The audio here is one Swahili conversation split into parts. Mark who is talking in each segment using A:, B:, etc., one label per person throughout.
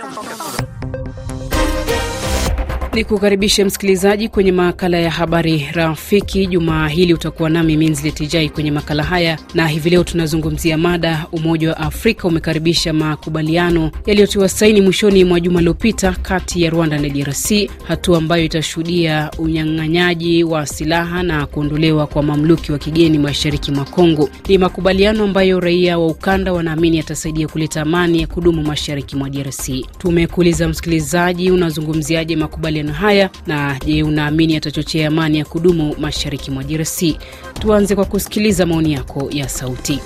A: 4か月。Ni kukaribishe msikilizaji kwenye makala ya habari rafiki. Jumaa hili utakuwa nami Minzlet Jai kwenye makala haya, na hivi leo tunazungumzia mada, Umoja wa Afrika umekaribisha makubaliano yaliyotiwa saini mwishoni mwa juma liopita kati ya Rwanda na DRC, hatua ambayo itashuhudia unyang'anyaji wa silaha na kuondolewa kwa mamluki wa kigeni mashariki mwa Kongo. Ni makubaliano ambayo raia wa ukanda wanaamini yatasaidia kuleta amani ya kudumu mashariki mwa DRC. Tumekuuliza msikilizaji, unazungumziaje makubaliano makubaliano haya, na je, unaamini yatachochea amani ya kudumu mashariki mwa DRC? Tuanze kwa kusikiliza maoni yako ya sauti.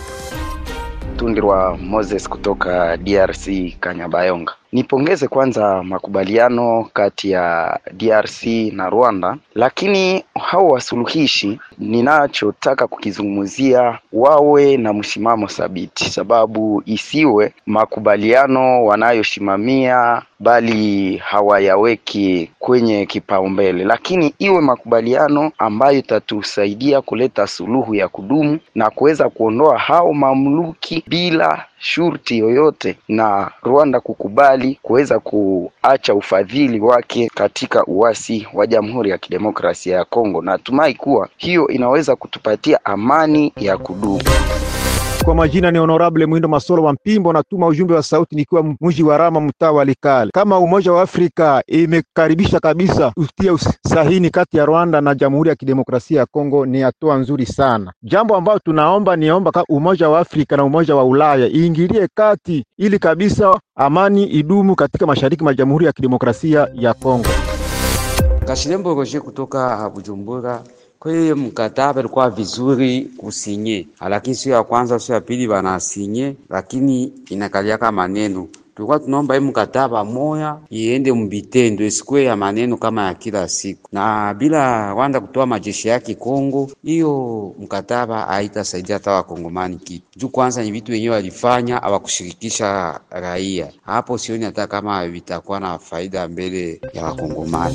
B: Tundirwa Moses kutoka DRC Kanyabayonga. Nipongeze kwanza makubaliano kati ya DRC na Rwanda, lakini hao wasuluhishi, ninachotaka kukizungumzia wawe na msimamo thabiti, sababu isiwe makubaliano wanayosimamia bali hawayaweki kwenye kipaumbele, lakini iwe makubaliano ambayo itatusaidia kuleta suluhu ya kudumu na kuweza kuondoa hao mamluki bila shurti yoyote na Rwanda kukubali kuweza kuacha ufadhili wake katika uasi wa Jamhuri ya Kidemokrasia ya Kongo. Natumai kuwa hiyo inaweza kutupatia amani ya kudumu. Kwa majina ni Honorable Mwindo Masolo wa Mpimbo, natuma ujumbe wa sauti nikiwa mji wa Rama, mtaa wa Likale. Kama Umoja wa Afrika imekaribisha kabisa utia sahini kati ya Rwanda na Jamhuri ya Kidemokrasia ya Kongo, ni hatua nzuri sana. Jambo ambayo tunaomba niomba Umoja wa Afrika na Umoja wa Ulaya iingilie kati ili kabisa amani idumu katika mashariki mwa Jamhuri ya Kidemokrasia ya Kongo. Kashirembo Roje kutoka Bujumbura. Kwa hiyo mkataba ilikuwa vizuri kusinye, lakini sio ya kwanza, sio ya pili banasinye, lakini inakaliaka maneno tulikuwa tunaomba hii mkataba moya iende mbitendo, isikuwe ya maneno kama ya kila siku. Na bila Rwanda kutoa majeshi yake Kongo, hiyo mkataba haitasaidia hata wakongomani kitu juu. Kwanza ni vitu wenyewe walifanya, hawakushirikisha raia. Hapo sioni hata kama vitakuwa na faida mbele ya wakongomani.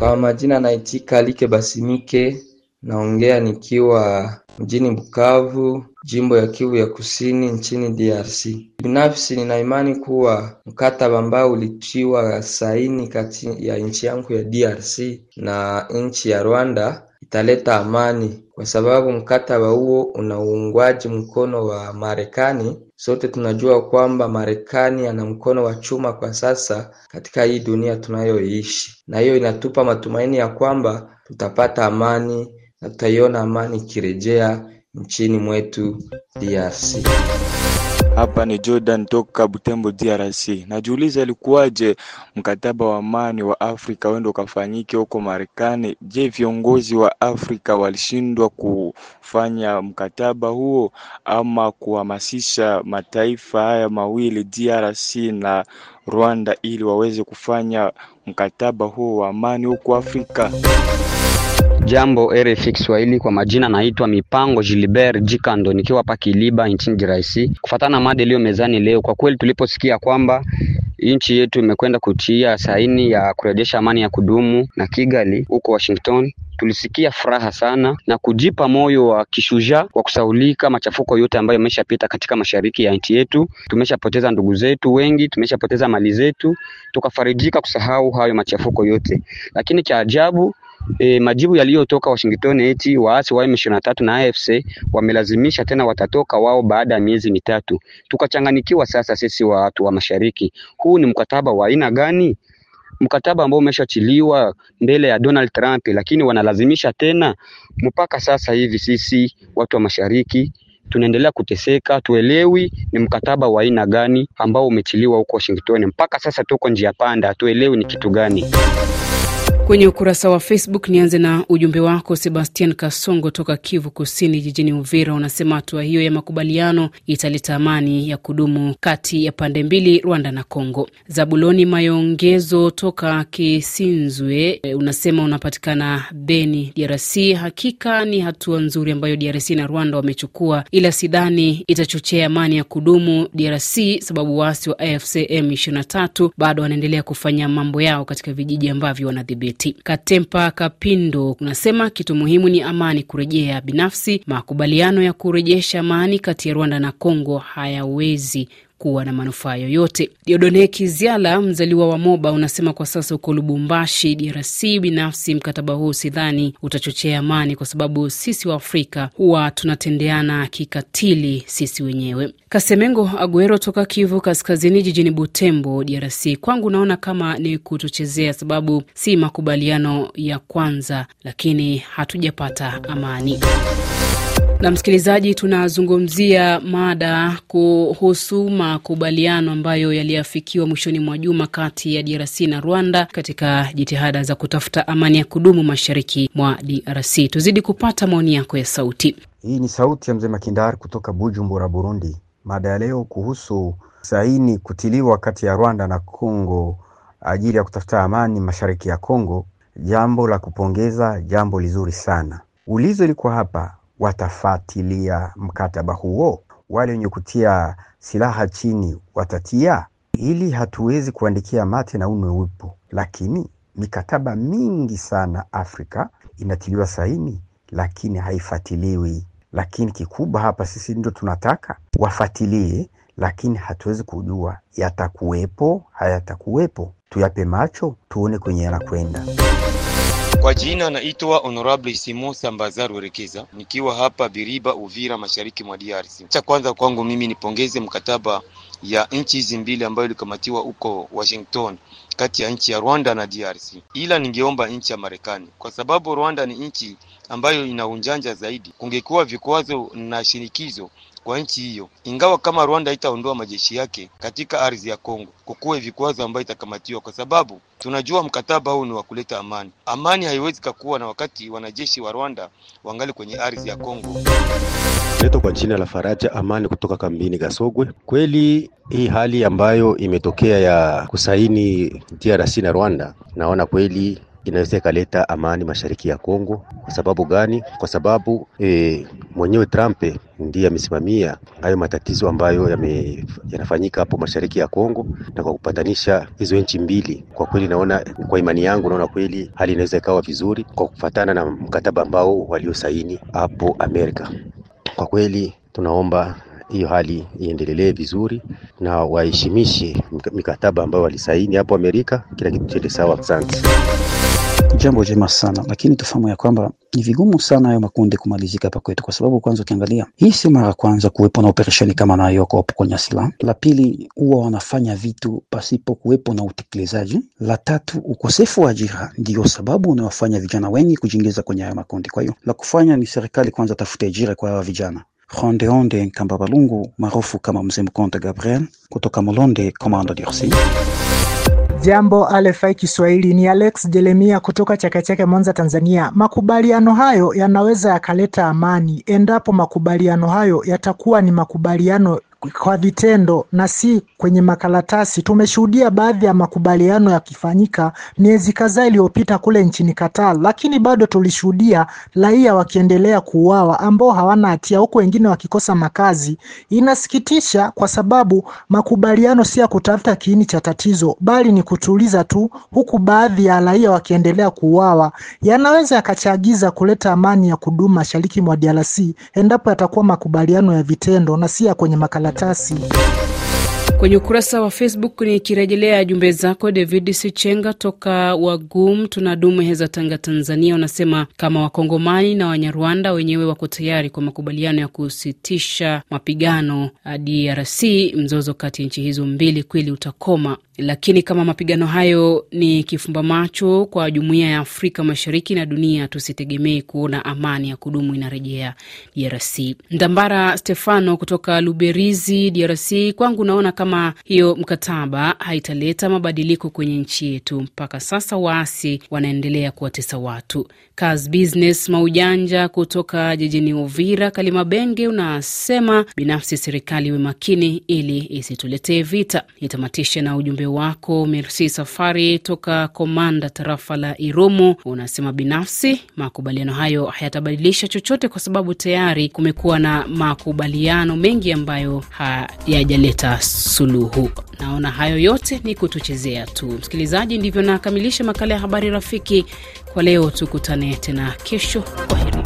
B: Kwa majina naitika Like Basimike, naongea nikiwa mjini Bukavu, jimbo ya Kivu ya Kusini nchini DRC. Binafsi nina imani kuwa mkataba ambao ulitiwa saini kati ya nchi yangu ya DRC na nchi ya Rwanda italeta amani, kwa sababu mkataba huo una uungwaji mkono wa Marekani Sote tunajua kwamba Marekani ana mkono wa chuma kwa sasa katika hii dunia tunayoishi na hiyo inatupa matumaini ya kwamba tutapata amani na tutaiona amani ikirejea nchini mwetu DRC. Hapa ni Jordan toka Butembo DRC. Najiuliza ilikuwaje mkataba wa amani wa Afrika wendo ukafanyike huko Marekani? Je, viongozi wa Afrika walishindwa kufanya mkataba huo ama kuhamasisha mataifa haya mawili DRC na Rwanda ili waweze kufanya mkataba huo wa amani huko Afrika? Jambo RFI Kiswahili, kwa majina naitwa Mipango Gilbert Jikando nikiwa hapa Kiliba nchini DRC. Kufatana na mada iliyo mezani leo, kwa kweli tuliposikia kwamba nchi yetu imekwenda kutia saini ya kurejesha amani ya kudumu na Kigali huko Washington, tulisikia furaha sana na kujipa moyo wa kishujaa wa kusaulika machafuko yote ambayo yameshapita katika mashariki ya nchi yetu. Tumeshapoteza ndugu zetu wengi, tumeshapoteza mali zetu, tukafarijika kusahau hayo machafuko yote, lakini cha ajabu E, majibu yaliyotoka Washington eti waasi wa M23 na AFC wamelazimisha tena watatoka wao baada ya miezi mitatu. Tukachanganikiwa sasa sisi watu wa mashariki. Huu ni mkataba wa aina gani? Mkataba ambao umeshachiliwa mbele ya Donald Trump, lakini wanalazimisha tena. Mpaka sasa hivi sisi watu wa mashariki tunaendelea kuteseka, tuelewi ni mkataba wa aina gani ambao umechiliwa huko Washington. Mpaka sasa tuko njia panda, tuelewi ni kitu gani
A: kwenye ukurasa wa Facebook. Nianze na ujumbe wako Sebastian Kasongo toka Kivu Kusini, jijini Uvira. Unasema hatua hiyo ya makubaliano italeta amani ya kudumu kati ya pande mbili, Rwanda na congo Zabuloni Mayongezo toka Kisinzwe eh, unasema unapatikana Beni, DRC. Hakika ni hatua nzuri ambayo DRC na Rwanda wamechukua, ila sidhani itachochea amani ya kudumu DRC sababu waasi wa AFC M23 bado wanaendelea kufanya mambo yao katika vijiji ambavyo wanadhibiti mwenyekiti Katempa Kapindo kunasema kitu muhimu ni amani kurejea. Binafsi, makubaliano ya kurejesha amani kati ya Rwanda na Kongo hayawezi kuwa na manufaa yoyote. Diodone Kiziala, mzaliwa wa Moba, unasema kwa sasa uko Lubumbashi, DRC. Binafsi mkataba huu sidhani utachochea amani, kwa sababu sisi wa Afrika huwa tunatendeana kikatili sisi wenyewe. Kasemengo Aguero toka Kivu Kaskazini, jijini Butembo, DRC. Kwangu naona kama ni kutuchezea, sababu si makubaliano ya kwanza, lakini hatujapata amani. Na msikilizaji, tunazungumzia mada kuhusu makubaliano ambayo yaliafikiwa mwishoni mwa juma kati ya DRC na Rwanda katika jitihada za kutafuta amani ya kudumu mashariki mwa DRC. Tuzidi kupata maoni yako ya sauti.
B: Hii ni sauti ya mzee Makindar kutoka Bujumbura, Burundi. Mada ya leo kuhusu saini kutiliwa kati ya Rwanda na congo ajili ya kutafuta amani mashariki ya congo jambo la kupongeza, jambo lizuri sana. Ulizo liko hapa watafatilia mkataba huo? Wale wenye kutia silaha chini watatia? Ili hatuwezi kuandikia mate na unwe upo, lakini mikataba mingi sana Afrika inatiliwa saini lakini haifatiliwi. Lakini kikubwa hapa sisi ndio tunataka wafatilie, lakini hatuwezi kujua yatakuwepo hayatakuwepo. Tuyape macho tuone kwenye yanakwenda. Kwa jina naitwa Honorable simo Sambaza Rekeza, nikiwa hapa Biriba, Uvira, mashariki mwa DRC. Cha kwanza kwangu mimi nipongeze mkataba ya nchi hizi mbili ambayo ilikamatiwa huko Washington kati ya nchi ya Rwanda na DRC, ila ningeomba nchi ya Marekani kwa sababu Rwanda ni nchi ambayo ina unjanja zaidi. Kungekuwa vikwazo na shinikizo kwa nchi hiyo, ingawa kama Rwanda itaondoa majeshi yake katika ardhi ya Kongo, kukuwe vikwazo ambayo itakamatiwa, kwa sababu tunajua mkataba huu ni wa kuleta amani. Amani haiwezi kakuwa na wakati wanajeshi wa Rwanda wangali kwenye ardhi ya Kongo. Leto kwa jina la Faraja Amani kutoka kambini Gasogwe. Kweli hii hali ambayo imetokea ya kusaini DRC na Rwanda, naona kweli inaweza ikaleta amani mashariki ya Kongo. Kwa sababu gani? Kwa sababu e, mwenyewe Trump ndiye amesimamia hayo matatizo ambayo yame, yanafanyika hapo mashariki ya Kongo, na kwa kupatanisha hizo nchi mbili, kwa kweli naona, kwa imani yangu naona kweli hali inaweza ikawa vizuri kwa kufatana na mkataba ambao waliosaini hapo Amerika. Kwa kweli tunaomba hiyo hali iendelelee vizuri na waheshimishe mikataba ambayo walisaini hapo Amerika. Kila kitu chende sawa. Asante jambo jema sana, lakini tufahamu ya kwamba ni vigumu sana hayo makundi kumalizika hapa kwetu, kwa sababu kwanza ukiangalia, hii si mara kwanza kuwepo na operesheni kama nayo kwa upokonya silaha. La pili, huwa wanafanya vitu pasipo kuwepo na utekelezaji. La tatu, ukosefu wa ajira ndio sababu unawafanya vijana wengi kujiingiza kwenye hayo makundi. Kwa hiyo la kufanya ni serikali kwanza tafute ajira kwa hawa vijana. Rondeonde Nkamba Balungu maarufu kama Mzee Mkonte Gabriel kutoka Molonde, Commando DRC.
A: Jambo RFI Kiswahili ni Alex Jeremia kutoka chake Mwanza, Tanzania. Makubaliano hayo yanaweza yakaleta amani endapo makubaliano hayo yatakuwa ni makubaliano kwa vitendo na si kwenye makaratasi. Tumeshuhudia baadhi ya makubaliano yakifanyika miezi kadhaa iliyopita kule nchini Qatar, lakini bado tulishuhudia raia wakiendelea kuuawa ambao hawana hatia, huku wengine wakikosa makazi. Inasikitisha kwa sababu makubaliano si ya kutafuta kiini cha tatizo, bali ni kutuliza tu, huku baadhi ya raia wakiendelea kuuawa. Yanaweza yakachagiza kuleta amani ya kudumu mashariki mwa DRC endapo yatakuwa makubaliano ya vitendo na si ya kwenye makaratasi karatasi. Kwenye ukurasa wa Facebook nikirejelea jumbe zako, David Sichenga toka Wagum dume heza Tanga, Tanzania, unasema kama Wakongomani na Wanyarwanda wenyewe wako tayari kwa makubaliano ya kusitisha mapigano DRC, mzozo kati ya nchi hizo mbili kweli utakoma. Lakini kama mapigano hayo ni kifumba macho kwa jumuiya ya Afrika Mashariki na dunia, tusitegemee kuona amani ya kudumu inarejea DRC. Ndambara Stefano kutoka Luberizi, DRC, kwangu naona kama hiyo mkataba haitaleta mabadiliko kwenye nchi yetu. Mpaka sasa waasi wanaendelea kuwatesa watu. Kaz Business Maujanja kutoka jijini Uvira, Kalimabenge, unasema binafsi serikali iwe makini ili isituletee vita. Itamatishe na ujumbe wako Merci Safari toka Komanda, tarafa la Irumu, unasema binafsi makubaliano hayo hayatabadilisha chochote kwa sababu tayari kumekuwa na makubaliano mengi ambayo hayajaleta suluhu. Naona hayo yote ni kutuchezea tu. Msikilizaji, ndivyo nakamilisha makala ya habari rafiki kwa leo. Tukutane tena kesho. heri.